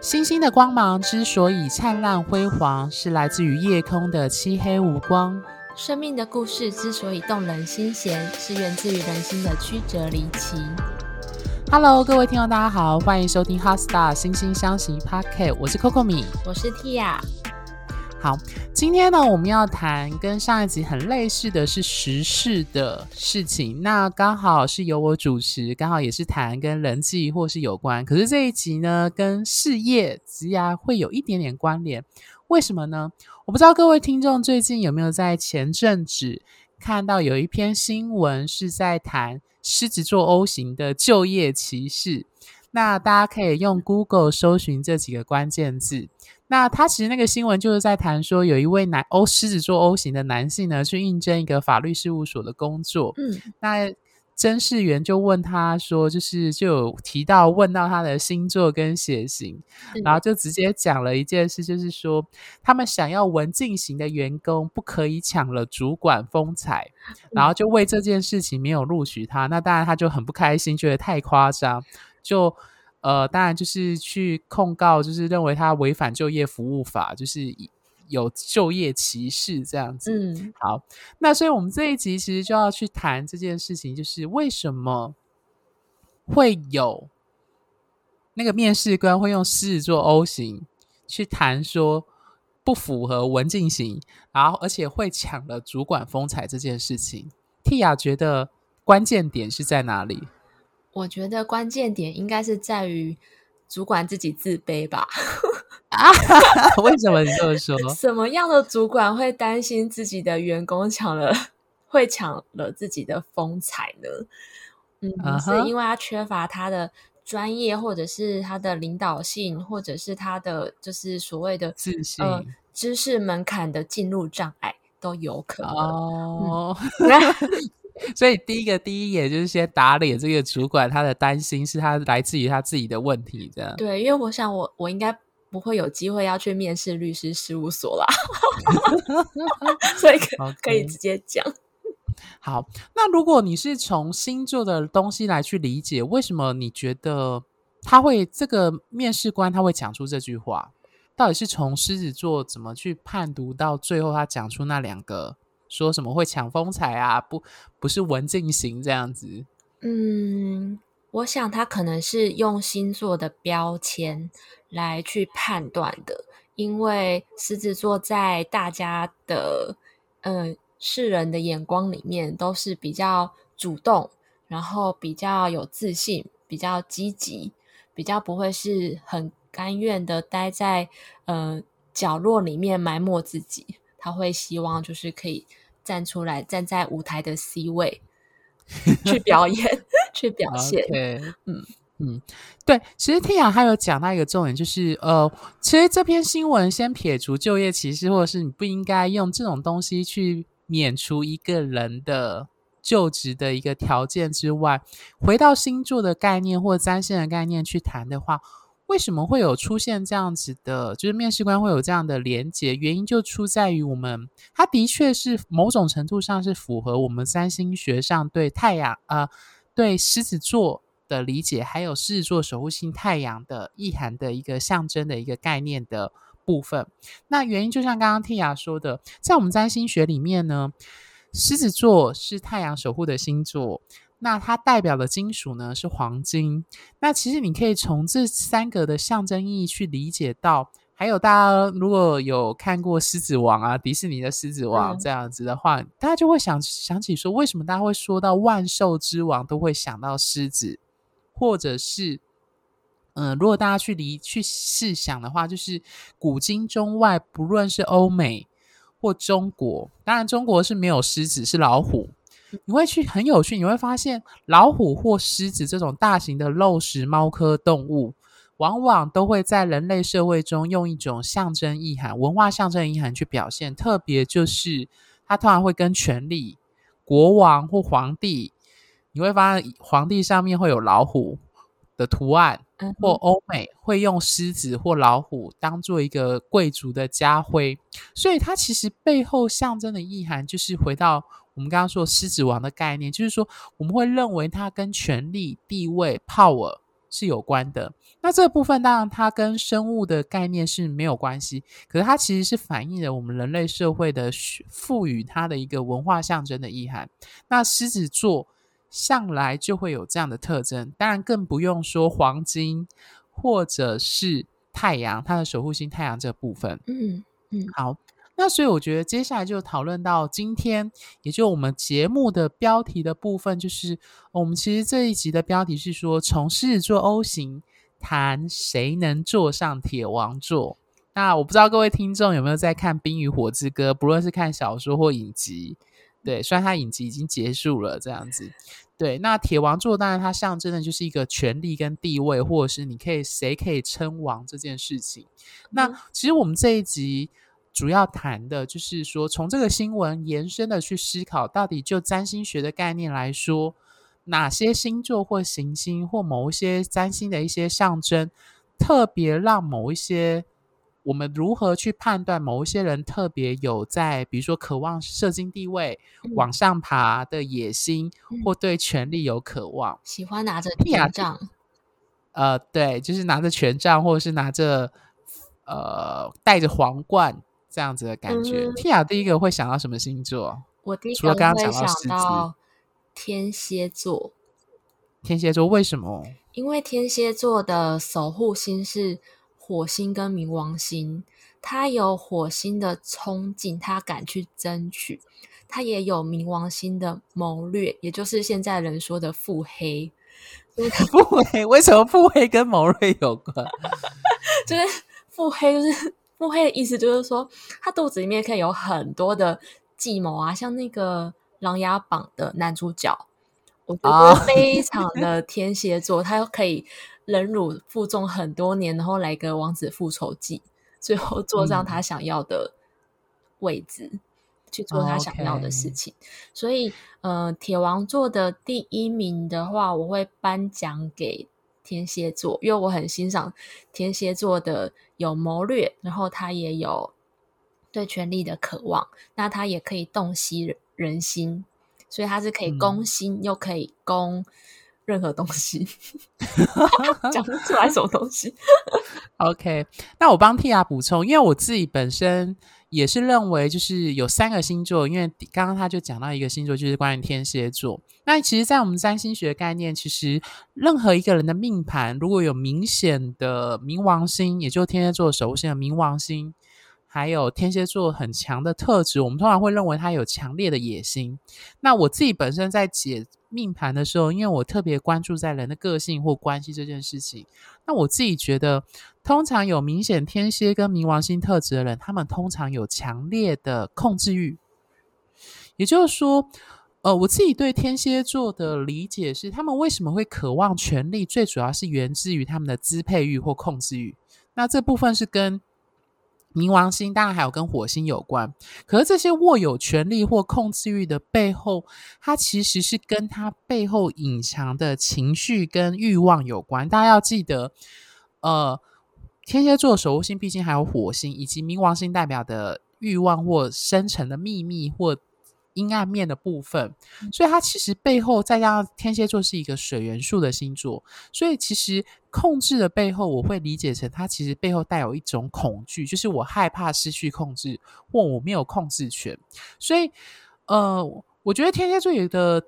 星星的光芒之所以燦爛輝煌，是來自於夜空的漆黑無光；生命的故事之所以動人心絃，是源自於人心的曲折離奇。Hello，各位聽眾，大家好，歡迎收聽《HeartStar 心星相惜 Packet》，我是 Coco 米，我是 Tia。好，今天呢，我們要談跟上一集很類似的是時事的事情。那剛好是由我主持，剛好也是談跟人際或是有關。可是這一集呢，跟事業職涯會有一點點關聯。為什麼呢？我不知道各位聽眾最近有沒有在前陣子看到有一篇新聞是在談獅子座 O 型的就業歧視。那大家可以用 Google 搜尋這幾個關鍵字。那他其實那個新聞就是在談說，有一位男 O 獅子座 O 型的男性呢，去應徵一個法律事務所的工作。嗯，那甄試員就問他說，就是就有提到問到他的星座跟血型，嗯、然後就直接講了一件事，就是說他們想要文靜型的員工，不可以搶了主管風采，嗯，然後就為這件事情沒有錄取他。那當然他就很不開心，覺得太誇張，就。呃，當然就是去控告，就是認為他違反就業服務法，就是有就業歧視這樣子。嗯，好，那所以我們這一集其實就要去談這件事情，就是為什麼會有那個面試官會用獅子座 O 型去談說不符合文靜型，然後而且會搶了主管風采這件事情。Tia 覺得關鍵點是在哪裡？我覺得關鍵點應該是在於主管自己自卑吧？ 為什麼你這麼說？什麼樣的主管會擔心自己的員工搶了會搶了自己的風采呢？嗯，uh-huh. 是因為他缺乏他的專業，或者是他的領導性，或者是他的就是所謂的呃知識門檻的進入障礙都有可能。Oh. 嗯 所以第一個第一眼就是先打臉這個主管，他的擔心是他來自於他自己的問題的，這樣對。因為我想我我應該不會有機會要去面試律師事務所啦， 所以可以，okay，可以直接講。好，那如果你是從星座的東西來去理解，為什麼你覺得他會這個面試官他會講出這句話，到底是從獅子座怎麼去判讀到最後他講出那兩個？說什麼會搶風采啊？不，不是文靜型這樣子。嗯，我想他可能是用星座的標籤來去判斷的，因為獅子座在大家的，呃，世人的眼光裡面都是比較主動，然後比較有自信，比較積極，比較不會是很甘願的待在，呃，角落裡面埋沒自己。他會希望就是可以。站出來，站在舞台的 C 位去表演， 去表現。Okay. 嗯嗯，對。其實天雅還有講到一個重點，就是呃，其實這篇新聞先撇除就業歧視，或者是你不應該用這種東西去免除一個人的就職的一個條件之外，回到星座的概念或占星的概念去談的話。為什麼會有出現這樣子的，就是面試官會有這樣的連結？原因就出在於我們，它的確是某種程度上是符合我們占星學上對太陽、呃、對獅子座的理解，還有獅子座守護星太陽的意涵的一個象徵的一個概念的部分。那原因就像剛剛 Tia 說的，在我們占星學裡面呢，獅子座是太陽守護的星座。那它代表的金屬呢，是黃金。那其實你可以從這三個的象徵意義去理解到。還有大家如果有看過《獅子王》啊，迪士尼的《獅子王》這樣子的話，嗯、大家就會想想起說，為什麼大家會說到萬獸之王都會想到獅子，或者是，嗯、呃，如果大家去理去試想的話，就是古今中外，不論是歐美或中國，當然中國是沒有獅子，是老虎。你會去很有趣，你會發現老虎或獅子這種大型的肉食貓科動物，往往都會在人類社會中用一種象徵意涵、文化象徵意涵去表現。特別就是它通常會跟權力、國王或皇帝。你會發現皇帝上面會有老虎的圖案，或歐美會用獅子或老虎當做一個貴族的家徽。所以它其實背後象徵的意涵就是回到。我們剛剛說獅子王的概念，就是說我們會認為它跟權力、地位、power 是有關的。那這個部分當然它跟生物的概念是沒有關係，可是它其實是反映了我們人類社會的賦予它的一個文化象徵的意涵。那獅子座向來就會有這樣的特徵，當然更不用說黃金或者是太陽，它的守護星太陽這個部分。嗯嗯，好。那所以我覺得接下來就討論到今天，也就我們節目的標題的部分，就是我們其實這一集的標題是說，從獅子座 O 型，談誰能坐上鐵王座。那我不知道各位聽眾有沒有在看《冰與火之歌》，不論是看小說或影集，對，雖然它影集已經結束了這樣子。對，那鐵王座當然它象徵的就是一個權力跟地位，或者是你可以誰可以稱王這件事情。那其實我們這一集。主要談的就是說，從這個新聞延伸的去思考，到底就占星學的概念來說，哪些星座或行星或某一些占星的一些象徵，特別讓某一些我們如何去判斷某一些人特別有在，比如說渴望社經地位往上爬的野心，或對權力有渴望，喜歡拿着權杖，呃，對，就是拿着權杖，或者是拿着呃，戴着皇冠。這樣子的感覺，Tia、嗯、第一個會想到什麼星座？我第一個想,想到天蠍座。天蠍座為什麼？因為天蠍座的守護星是火星跟冥王星，他有火星的衝勁，他敢去爭取；他也有冥王星的謀略，也就是現在人說的腹黑。腹 黑？為什麼腹黑跟謀略有關？ 就是腹黑，就是。腹黑的意思就是說，他肚子裡面可以有很多的計謀啊，像那個《琅琊榜》的男主角，我覺得非常的天蠍座，oh. 他可以忍辱負重很多年，然後來個王子復仇記，最後坐上他想要的位置，嗯、去做他想要的事情。Oh, okay. 所以，呃，鐵王座的第一名的話，我會頒獎給。天蠍座，因為我很欣賞天蠍座的有謀略，然後他也有對權力的渴望，那他也可以洞悉人心，所以他是可以攻心、嗯、又可以攻任何東西，講 不 出來什麼東西。 OK，那我幫 Tia 補充，因為我自己本身。也是認為，就是有三個星座，因為剛剛他就講到一個星座，就是關於天蠍座。那其實，在我們占星學概念，其實任何一個人的命盤如果有明顯的冥王星，也就是天蠍座守護星的冥王星，還有天蠍座很強的特質，我們通常會認為他有強烈的野心。那我自己本身在解命盤的時候，因為我特別關注在人的個性或關係這件事情，那我自己覺得，通常有明顯天蠍跟冥王星特質的人，他們通常有強烈的控制慾。也就是說，呃，我自己對天蠍座的理解是，他們為什麼會渴望權力，最主要是源自於他們的支配慾或控制慾。那這部分是跟冥王星當然還有跟火星有關，可是這些握有權力或控制欲的背後，它其實是跟它背後隱藏的情緒跟欲望有關。大家要記得，呃，天蠍座的守護星畢竟還有火星，以及冥王星代表的欲望或深層的秘密或。陰暗面的部分，所以它，其實背後再加上天蠍座是一個水元素的星座，所以其實控制的背後，我會理解成它其實背後帶有一種恐懼，就是我害怕失去控制或我沒有控制權，所以呃，我覺得天蠍座有的。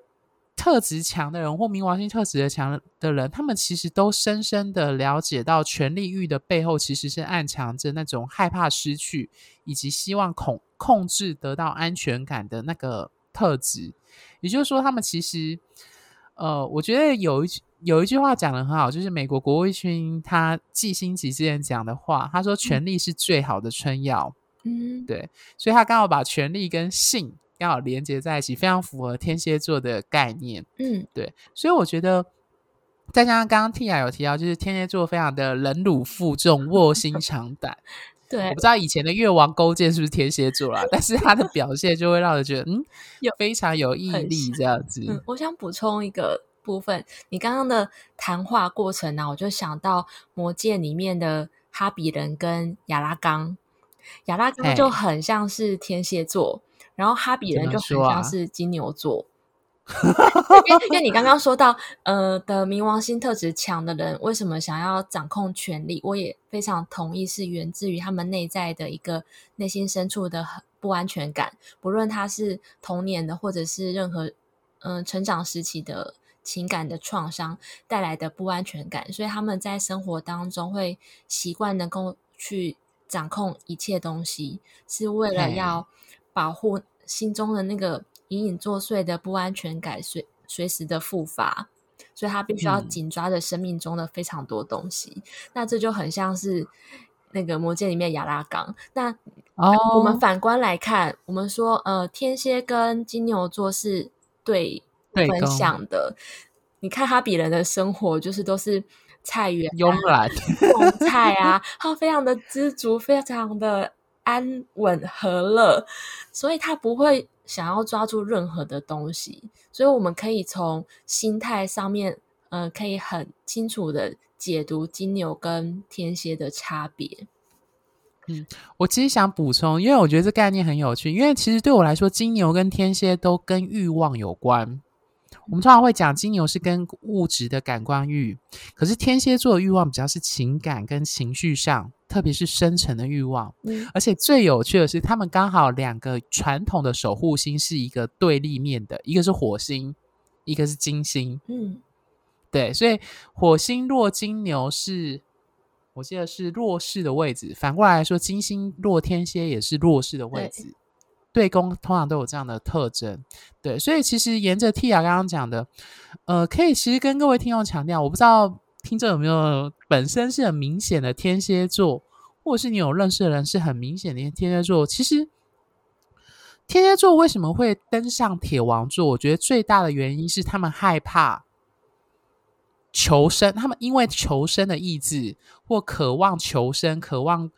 特質強的人，或冥王星特質的強的人，他們其實都深深的了解到，權力欲的背後其實是暗藏着那種害怕失去，以及希望控控制得到安全感的那個特質。也就是說，他們其實，呃，我覺得有一有一句話講的很好，就是美國國務卿他季辛吉之前講的話，他說：“權力是最好的春藥。”嗯，對，所以他剛好把權力跟性。要連接在一起，非常符合天蠍座的概念。嗯，對，所以我覺得，再加上剛剛 Tia 有提到，就是天蠍座非常的忍辱負重、臥薪嘗膽。對，我不知道以前的越王勾踐是不是天蠍座啦、啊， 但是他的表現就會讓我覺得，嗯，非常有毅力這樣子。嗯、我想補充一個部分，你剛剛的談話過程呢、啊，我就想到魔戒裡面的哈比人跟亞拉岡，亞拉岡就很像是天蠍座。然後，哈比人就很像是金牛座，啊 因，因為你剛剛說到，呃，的冥王星特質強的人為什麼想要掌控權力，我也非常同意，是源自於他們內在的一個內心深處的不安全感，不論他是童年的或者是任何，嗯、呃，成長時期的情感的創傷帶來的不安全感，所以他們在生活當中會習慣能夠去掌控一切東西，是為了要。保護心中的那個隱隱作祟的不安全感，隨隨時的復發，所以他必須要緊抓着生命中的非常多東西，嗯。那這就很像是那個魔戒裡面亞拉岡。那我們反觀來看，哦、我們說呃，天蠍跟金牛座是對分享的。你看哈比人的生活，就是都是菜園、啊、慵懶、 菜啊，他非常的知足，非常的。安穩和樂，所以他不會想要抓住任何的東西，所以我們可以從心態上面，嗯、呃，可以很清楚的解讀金牛跟天蠍的差別。嗯，我其實想補充，因為我覺得這概念很有趣，因為其實對我來說，金牛跟天蠍都跟欲望有關。我們通常會講金牛是跟物質的感官欲，可是天蠍座的欲望比較是情感跟情緒上，特別是深層的欲望、嗯。而且最有趣的是，他們剛好兩個傳統的守護星是一個對立面的，一個是火星，一個是金星。嗯，對，所以火星落金牛是我記得是弱勢的位置，反過來說，金星落天蠍也是弱勢的位置。嗯對宮通常都有這樣的特徵，對，所以其實沿着 Tia 剛剛講的，呃，可以其實跟各位聽眾強調，我不知道聽眾有沒有本身是很明顯的天蠍座，或者是你有認識的人是很明顯的天蠍座。其實天蠍座為什麼會登上鐵王座？我覺得最大的原因是他們害怕求生，他們因為求生的意志或渴望求生，渴望。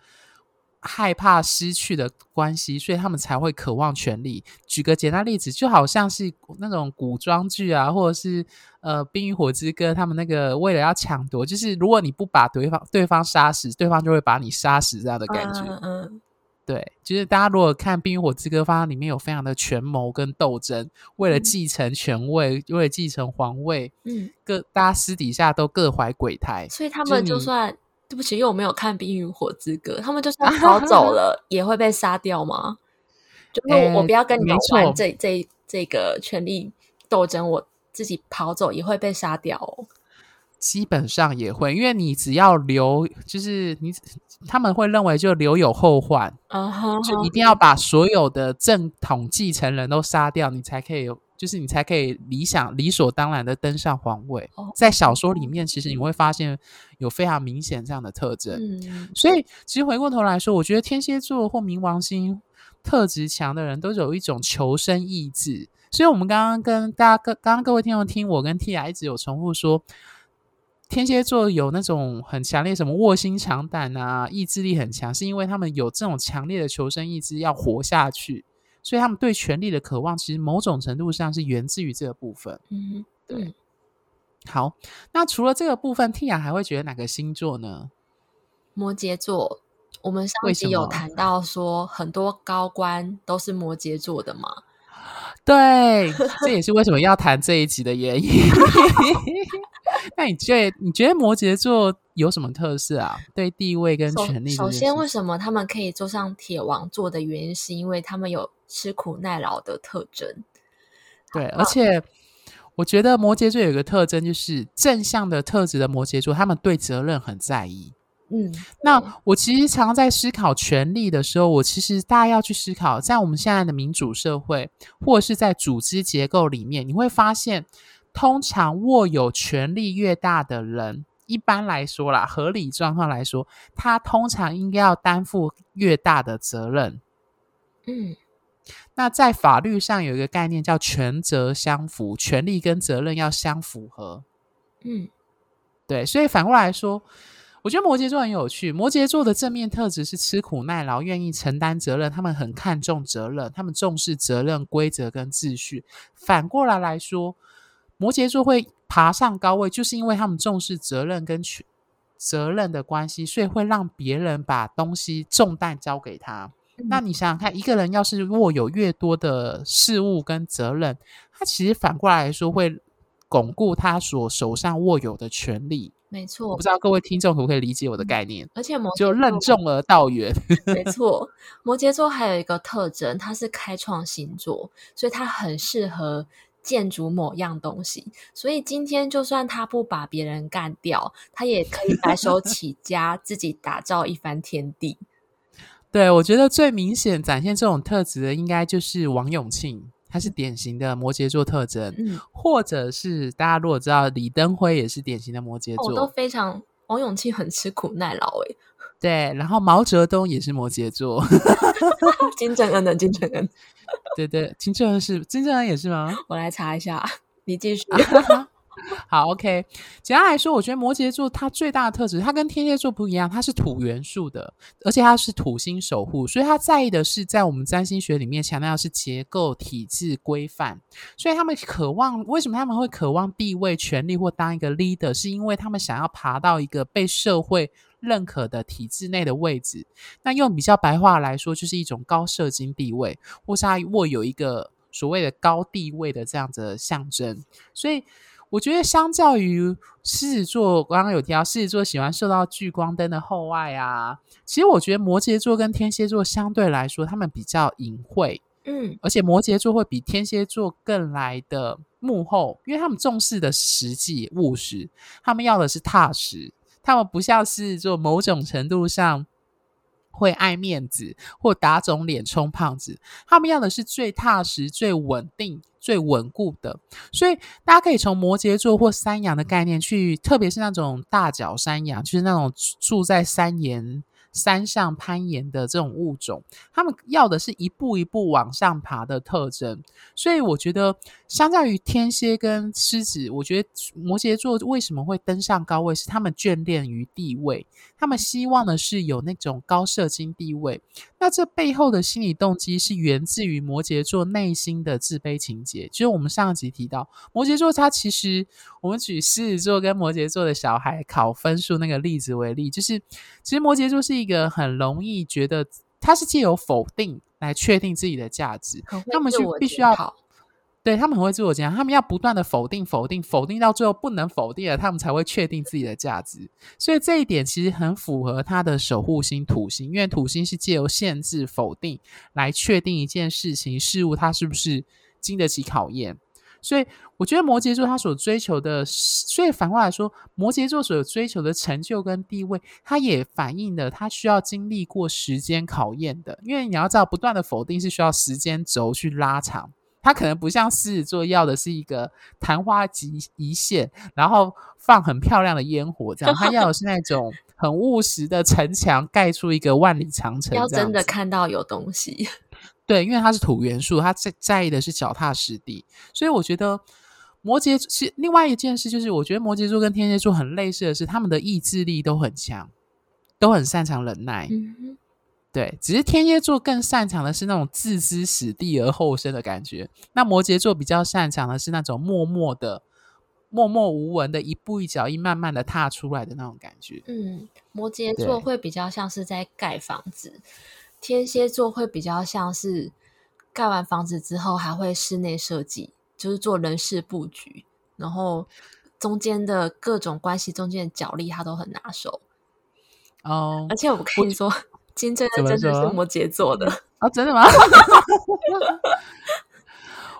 害怕失去的關係，所以他們才會渴望權力。舉個簡單例子，就好像是那種古裝劇啊，或者是呃《冰與火之歌》，他們那個為了要搶奪，就是如果你不把對方對方殺死，對方就會把你殺死這樣的感覺嗯。嗯，對，就是大家如果看《冰與火之歌》，發現裡面有非常的權謀跟鬥爭，為了繼承權位，嗯、為了繼承皇位，嗯，各大家私底下都各懷鬼胎，所以他們就算。就是對不起，因為我沒有看《冰與火之歌》，他們就算跑走了也會被殺掉嗎？ 欸、就為我，我不要跟你們玩這這這個權力鬥爭，我自己跑走也會被殺掉哦。基本上也會，因為你只要留，就是你他們會認為就留有後患，啊，就一定要把所有的正統繼承人都殺掉，你才可以有。就是你才可以理想理所當然的登上皇位。哦、在小說裡面，其實你會發現有非常明顯這樣的特徵。嗯，所以其實回過頭來說，我覺得天蠍座或冥王星特質強的人都有一種求生意志。所以，我們剛剛跟大家、各，剛剛各位聽眾聽我跟 T i 一直有重複說，天蠍座有那種很強烈什麼臥薪嘗膽啊，意志力很強，是因為他們有這種強烈的求生意志，要活下去。所以他們對權力的渴望，其實某種程度上是源自於這個部分。嗯，對。好，那除了這個部分，Tia 還會覺得哪個星座呢？摩羯座。我們上一集有談到說，很多高官都是摩羯座的嘛。對，這也是為什麼要談這一集的原因。 那你覺得你覺得摩羯座有什麼特色啊？對地位跟權力，就是。首先，為什麼他們可以坐上鐵王座的原因，是因為他們有。吃苦耐勞的特徵，對，而且我覺得摩羯座有個特徵，就是正向的特質的摩羯座，他們對責任很在意。嗯，那嗯我其實常常在思考權力的時候，我其實大家要去思考，在我們現在的民主社會，或者是在組織結構裡面，你會發現，通常握有權力越大的人，一般來說啦，合理狀況來說，他通常應該要擔負越大的責任。嗯。那在法律上有一個概念叫權責相符，權利跟責任要相符合。嗯，對，所以反過來說，我覺得摩羯座很有趣。摩羯座的正面特質是吃苦耐勞、願意承擔責任，他們很看重責任，他們重視責任、規則跟秩序。反過來來說，摩羯座會爬上高位，就是因為他們重視責任跟權責任的關係，所以會讓別人把東西重擔交給他。那你想想看，一個人要是握有越多的事物跟責任，他其實反過來說會鞏固他所手上握有的權利。沒錯，我不知道各位聽眾可不可以理解我的概念？嗯，而且摩羯座就任重而道遠。沒錯，摩羯座還有一個特徵，它是開創星座，所以它很適合建築某樣東西。所以今天就算他不把別人幹掉，他也可以白手起家， 自己打造一番天地。對，我覺得最明顯展現這種特質的，應該就是王永慶，他是典型的摩羯座特徵。嗯，或者是大家如果知道李登輝也是典型的摩羯座，哦、我都非常王永慶很吃苦耐勞哎。對，然後毛澤東也是摩羯座， 金正恩的金正恩，對，對對，金正恩是金正恩也是嗎？我來查一下，你繼續。 好，OK。簡單來說，我覺得摩羯座它最大的特質，它跟天蠍座不一樣，它是土元素的，而且它是土星守護，所以它在意的是在我們占星學裡面強調的是結構、體制、規範。所以他們渴望，為什麼他們會渴望地位、權力或當一個 leader，是因為他們想要爬到一個被社會認可的體制內的位置。那用比較白話來說，就是一種高社經地位，或是他握有一個所謂的高地位的這樣子的象徵。所以。我覺得相較於獅子座，我剛剛有提到獅子座喜歡受到聚光燈的厚愛啊。其實我覺得摩羯座跟天蠍座相對來說，他們比較隱晦，嗯，而且摩羯座會比天蠍座更來的幕後，因為他們重視的實際務實，他們要的是踏實，他們不像獅子座，某種程度上。會愛面子或打腫臉充胖子，他們要的是最踏實、最穩定、最穩固的。所以大家可以從摩羯座或山羊的概念去，特別是那種大角山羊，就是那種住在山岩。山上攀岩的這種物種，他們要的是一步一步往上爬的特徵。所以我覺得，相較於天蠍跟獅子，我覺得摩羯座為什麼會登上高位，是他們眷戀於地位，他們希望的是有那種高社經地位。那這背後的心理動機是源自於摩羯座內心的自卑情結。就是我們上一集提到，摩羯座他其實，我們舉獅子座跟摩羯座的小孩考分數那個例子為例，就是其實摩羯座是一個。一個很容易覺得他是借由否定來確定自己的價值，okay, 他們是必須要，對他們很會自我講，他們要不斷的否、否定、否定、否定，到最後不能否定了，他們才會確定自己的價值。所以這一點其實很符合他的守護星土星，因為土星是借由限制、否定來確定一件事情、事物它是不是經得起考驗。所以，我覺得摩羯座他所追求的，所以反過來說，摩羯座所追求的成就跟地位，它也反映了他需要經歷過時間考驗的。因為你要知道，不斷的否定是需要時間軸去拉長。它可能不像獅子座要的是一個曇花一現，然後放很漂亮的煙火這樣。 他要的是那種很務實的城牆，蓋出一個萬里長城，要真的看到有東西。 對，因為他是土元素，他在在意的是腳踏實地，所以我覺得摩羯座另外一件事就是，我覺得摩羯座跟天蠍座很類似的是，他們的意志力都很強，都很擅長忍耐。嗯、對，只是天蠍座更擅長的是那種置之死地而後生的感覺，那摩羯座比較擅長的是那種默默的、默默無聞的一步一腳印，慢慢的踏出來的那種感覺。嗯，摩羯座會比較像是在蓋房子。天蠍座會比較像是蓋完房子之後還會室內設計，就是做人事布局，然後中間的各種關係中間的角力他都很拿手。哦，而且我跟你說，金正恩真的是摩羯座的啊，真的嗎？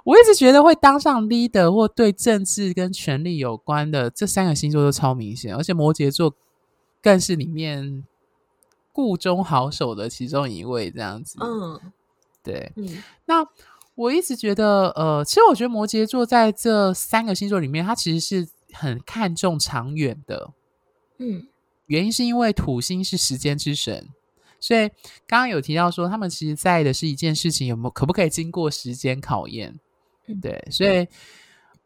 我一直覺得會當上 leader 或對政治跟權力有關的，這三個星座都超明顯，而且摩羯座更是裡面。故中好手的其中一位這樣子，嗯、哦，對，嗯，那我一直覺得，呃，其實我覺得摩羯座在這三個星座裡面，它其實是很看重長遠的，嗯，原因是因為土星是時間之神，所以剛剛有提到說，他們其實在意的是一件事情有沒有可不可以經過時間考驗，嗯，對，所以，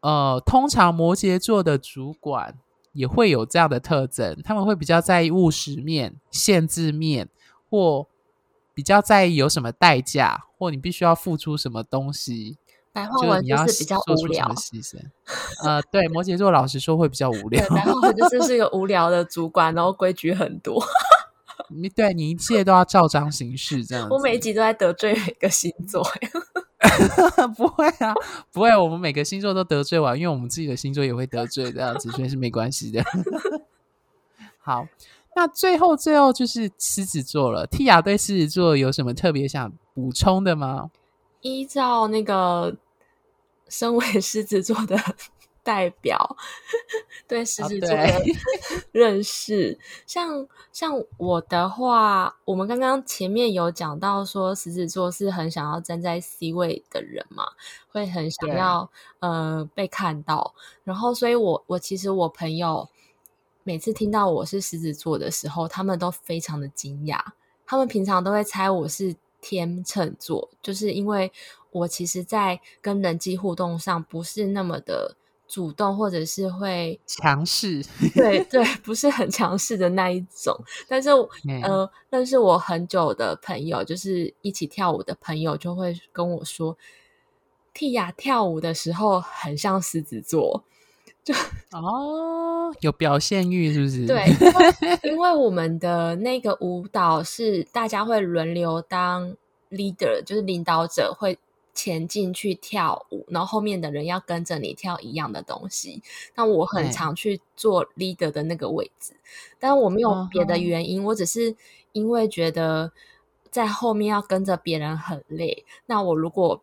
嗯，呃，通常摩羯座的主管。也會有這樣的特徵，他們會比較在意務實面、限制面，或比較在意有什麼代價，或你必須要付出什麼東西。白話文是就你要比較無聊。呃，對，摩羯座老實說會比較無聊，白話 文就是，是一個無聊的主管，然後規矩很多。你 對，你一切都要照章行事，這樣子。 我每一集都在得罪每個星座。 不會啊，不會，我們每個星座都得罪完，因為我們自己的星座也會得罪這樣子，所以是沒關係的。 好，那最後最後就是獅子座了。蒂雅對獅子座有什麼特別想補充的嗎？依照那個身為獅子座的。代表對獅子座的認識，哦、 像，像我的話，我們剛剛前面有講到說，獅子座是很想要站在 C 位的人嘛，會很想要呃被看到，然後所以我我其實我朋友每次聽到我是獅子座的時候，他們都非常的驚訝，他們平常都會猜我是天秤座，就是因為我其實，在跟人際互動上不是那麼的。主動，或者是會強勢，對對，不是很強勢的那一種。 但是，yeah. 呃，認識我很久的朋友，就是一起跳舞的朋友，就會跟我說 Tia 跳舞的時候很像獅子座，就哦，oh, 有表現欲，是不是？對，因為， 因為我們的那個舞蹈是大家會輪流當 leader，就是領導者會。前進去跳舞，然後後面的人要跟着你跳一樣的東西。那我很常去做 leader 的那個位置，但我沒有別的原因，uh -huh. 我只是因為覺得在後面要跟着別人很累。那我如果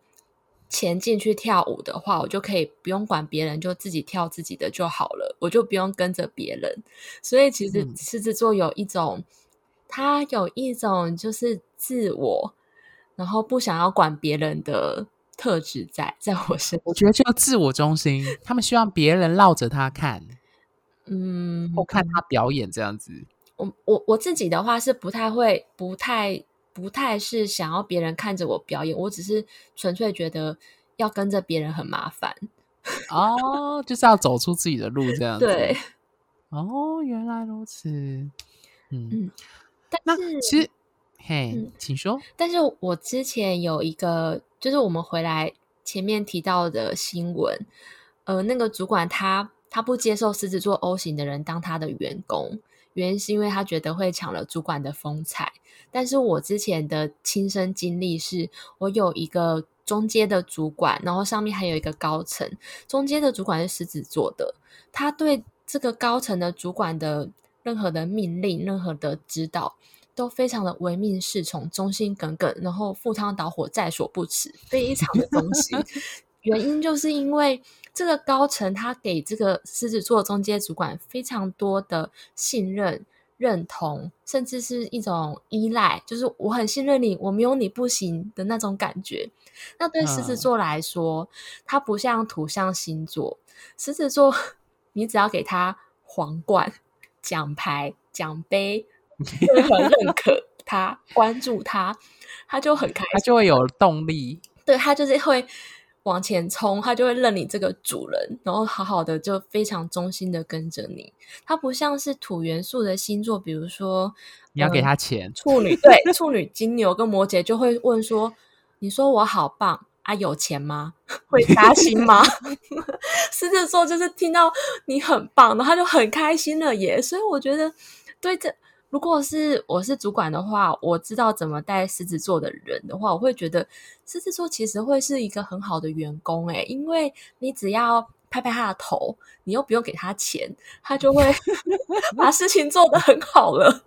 前進去跳舞的話，我就可以不用管別人，就自己跳自己的就好了，我就不用跟着別人。所以其實獅子座有一種，他、嗯、有一種就是自我。然後不想要管別人的特質在在我身，我覺得叫自我中心。 他們希望別人繞着他看，嗯，或看他表演這樣子。我我我自己的話是不太會，不太不太是想要別人看着我表演。我只是純粹覺得要跟着別人很麻煩。 哦，就是要走出自己的路這樣子。 對。哦，原來如此。嗯，嗯但那其實。嘿、hey，請說、嗯。但是我之前有一個，就是我們回來前面提到的新聞，呃，那個主管他他不接受獅子座 O 型的人當他的員工，原因是因為他覺得會搶了主管的風采。但是我之前的親身經歷是，我有一個中間的主管，然後上面還有一個高層，中間的主管是獅子座的，他對這個高層的主管的任何的命令、任何的指導。都非常的唯命是從，忠心耿耿，然後赴湯蹈火在所不辭，非常的忠心。原因就是因為 這個高層他給這個獅子座中間主管非常多的信任、認同，甚至是一種依賴，就是我很信任你，我沒有你不行的那種感覺。那對獅子座來說，它、嗯、不像土象星座，獅子座你只要給他皇冠、獎牌、獎杯。就很認可他， 關注他，他就很開心，他就會有動力。對，他就是會往前衝，他就會認你這個主人，然後好好的就非常忠心的跟着你。它不像是土元素的星座，比如說你要給他錢，處女對處女、 處女金牛跟摩羯就會問說：“ 你說我好棒啊？有錢嗎？會開心嗎？”獅子座就是聽到你很棒，然後他就很開心了耶。所以我覺得，對這。如果是我是主管的話，我知道怎麼帶獅子座的人的話，我會覺得獅子座其實會是一個很好的員工誒、欸，因為你只要拍拍他的頭，你又不用給他錢，他就會 把事情做得很好了。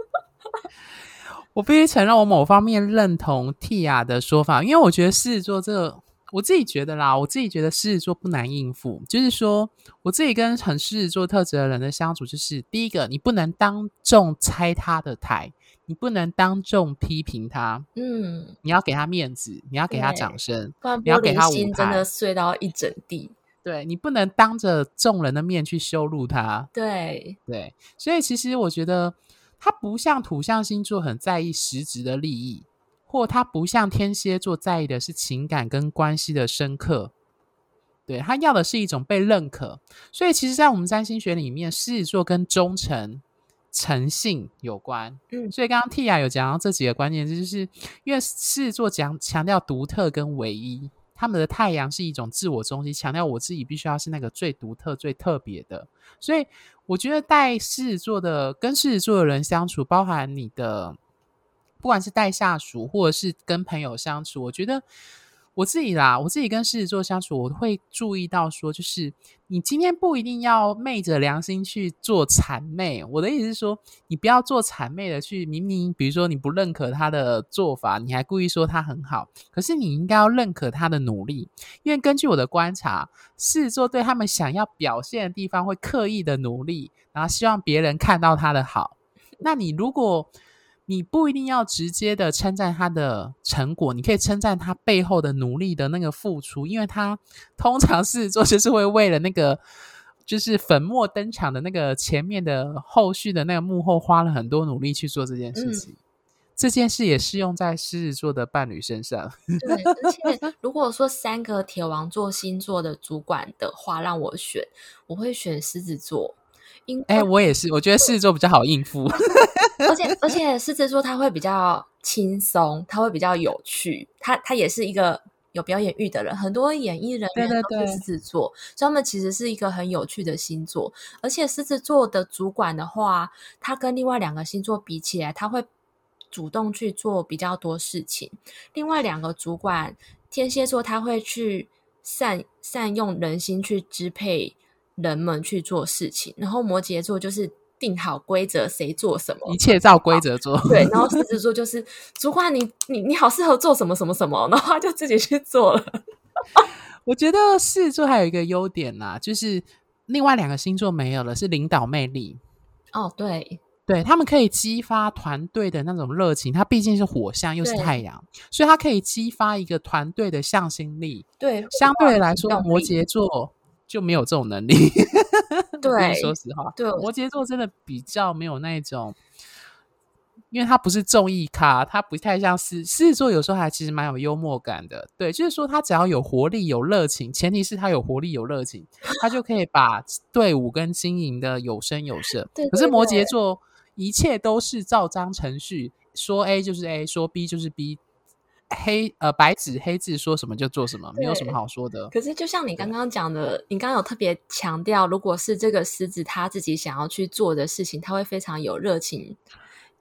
我必須承認，我某方面認同 Tia 的說法，因為我覺得獅子座這個。我自己覺得啦，我自己覺得獅子座不難應付。就是說，我自己跟很獅子座特質的人的相處，就是第一個，你不能當眾拆他的台，你不能當眾批評他，嗯，你要給他面子，你要給他掌聲，你要給他舞台，我心真的碎到一整地。對，你不能當着眾人的面去羞辱他，對對，所以其實我覺得他不像土象星座很在意實質的利益。或他不像天蠍座在意的是情感跟關係的深刻，對他要的是一種被認可。所以，其實，在我們占星學裡面，獅子座跟忠誠、誠信有關。所以剛剛蒂亞有講到這幾個觀念，就是因為獅子座講強調獨特跟唯一，他們的太陽是一種自我中心，強調我自己必須要是那個最獨特、最特別的。所以，我覺得帶獅子座的跟獅子座的人相處，包含你的。不管是帶下屬，或者是跟朋友相處，我覺得我自己啦，我自己跟獅子座相處，我會注意到說，就是你今天不一定要昧着良心去做諂媚。我的意思是說，你不要做諂媚的去，明明比如說你不認可他的做法，你還故意說他很好。可是你應該要認可他的努力，因為根據我的觀察，獅子座對他們想要表現的地方會刻意的努力，然後希望別人看到他的好。那你如果你不一定要直接的稱讚他的成果，你可以稱讚他背後的努力的那個付出，因為他通常獅子座，就是會為了那個就是粉墨登場的那個前面的後續的那個幕後花了很多努力去做這件事情。嗯。這件事也適用在獅子座的伴侶身上。對，而且如果說三個鐵王座星座的主管的話，讓我選，我會選獅子座。哎、欸，我也是，我覺得獅子座比較好應付。而且而且，獅子座他會比較輕鬆，他會比較有趣。他他也是一個有表演欲的人，很多演藝人員都是獅子座，對對對，所以他們其實是一個很有趣的星座。而且獅子座的主管的話，他跟另外兩個星座比起來，他會主動去做比較多事情。另外兩個主管，天蠍座他會去善善用人心去支配，人們去做事情，然後摩羯座，就是定好規則、誰做什麼，一切照規則做。啊、對，然後獅子座就是 主管你，你你你好適合做什麼什麼什麼，然後就自己去做了。 我覺得獅子座還有一個優點吶、啊，就是另外兩個星座沒有了，是領導魅力。哦，對對，他們可以激發團隊的那種熱情。他畢竟是火象，又是太陽，所以他可以激發一個團隊的向心力。對，相對來說，摩羯座。就沒有這種能力。 對， 說實話對，對，摩羯座真的比較沒有那種，因為他不是綜藝咖，他不太像獅獅子座，有時候還其實蠻有幽默感的。對，就是說他只要有活力、有熱情，前提是他有活力、有熱情，他就可以把隊伍跟經營的有聲有色。對， 可是摩羯座一切都是照章程序，說 A 就是 A，說 B 就是 B。黑呃，白紙黑字，說什麼就做什麼，沒有什麼好說的。可是，就像你剛剛講的，你剛剛有特別強調，如果是這個獅子他自己想要去做的事情，他會非常有熱情。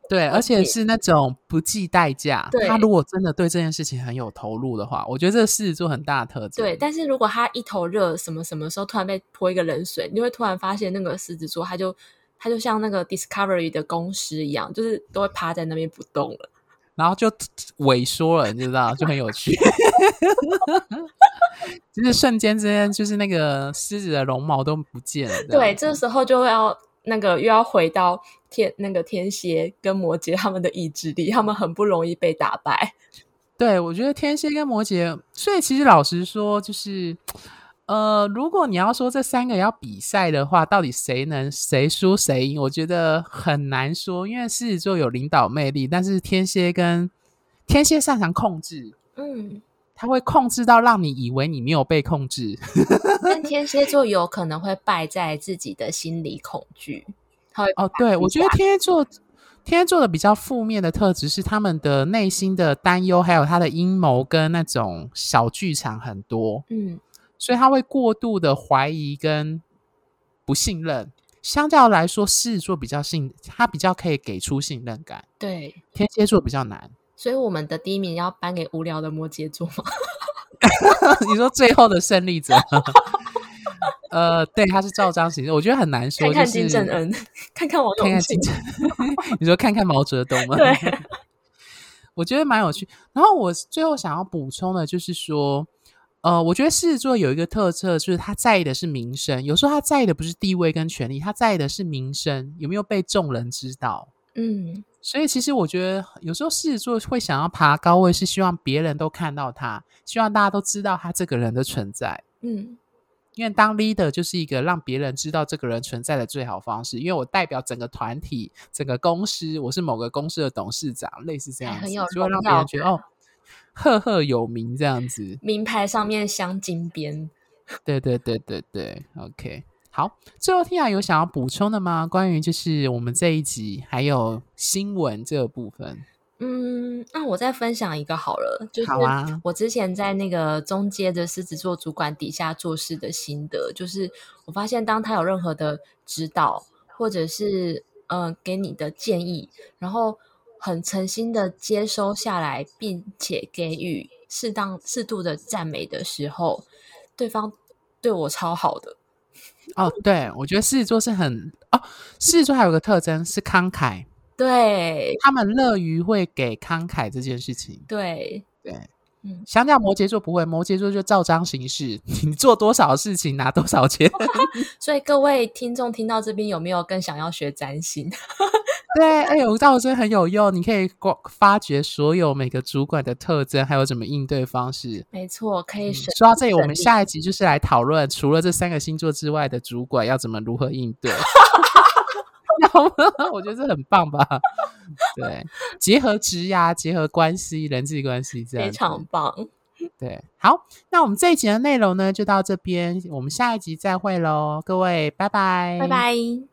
對，而且是那種不計代價。他如果真的對這件事情很有投入的話，我覺得這個獅子座很大特質。對，但是如果他一頭熱，什麼什麼的時候突然被潑一個冷水，你會突然發現那個獅子座，他就他就像那個 Discovery 的公獅一樣，就是都會趴在那邊不動了。嗯然後就萎縮了，你知道嗎？就很有趣。 就是瞬間之間，就是那個獅子的絨毛都不見了。對，這時候就要那個又要回到天，那個天蠍跟摩羯他們的意志力，他們很不容易被打敗。對，我覺得天蠍跟摩羯，所以其實老實說，就是。呃，如果你要說這三個要比賽的話，到底誰能誰輸誰贏？我覺得很難說，因為獅子座有領導魅力，但是天蠍跟天蠍擅長控制，嗯，他會控制到讓你以為你沒有被控制。但天蠍座有可能會敗在自己的心理恐懼， 哦，對，我覺得天蠍座天蠍座的比較負面的特質是他們的內心的擔憂，還有他的陰謀跟那種小劇場很多，嗯。.所以他會過度的懷疑跟不信任，相較來說，獅子座比較信，他比較可以給出信任感。對，天蠍座比較難。所以我們的第一名要頒給無聊的摩羯座嗎？ 你說最後的勝利者？ 呃，對，他是照章行事。我覺得很難說。看看金正恩，看看我，看看金正恩。 你說看看毛澤東嗎？ 我覺得蠻有趣。然後我最後想要補充的就是說。呃，我覺得獅子座有一個特色，就是他在意的是名聲。有時候他在意的不是地位跟權力，他在意的是名聲有沒有被眾人知道。嗯，所以其實我覺得有時候獅子座會想要爬高位，是希望別人都看到他，希望大家都知道他這個人的存在。嗯，因為當 leader 就是一個讓別人知道這個人存在的最好方式。因為我代表整個團體、整個公司，我是某個公司的董事長，類似這樣子很有，就會讓別人覺得哦。赫赫有名這樣子，名牌上面鑲金邊。對對對對對 ，OK。好，最後聽雅、啊、有想要補充的嗎？關於就是我們這一集還有新聞這個部分。嗯，那我再分享一個好了，就是、啊、我之前在那個中階的獅子座主管底下做事的心得，就是我發現當他有任何的指導或者是嗯、呃、給你的建議，然後。很誠心的接收下來，並且給予適當適度的讚美的時候，對方對我超好的。哦，對我覺得獅子座是很哦，獅 子座還有個特徵是慷慨，對他們樂於會給慷慨這件事情。對對，嗯，相較摩羯座不會，摩羯座就照章行事，你做多少事情拿多少錢。 所以各位聽眾聽到這邊，有沒有更想要學占星？ 對，哎呦，我知道我真的很有用，你可以發發掘所有每個主管的特徵，還有怎麼應對方式。沒錯，可以、嗯、說到這裡，我們下一集就是來討論除了這三個星座之外的主管要怎麼如何應對。哈哈哈哈哈，我覺得這很棒吧？對，結合職涯，結合關係，人際關係，這樣非常棒。對，好，那我們這一集的內容呢，就到這邊，我們下一集再會咯，各位，拜拜，拜拜。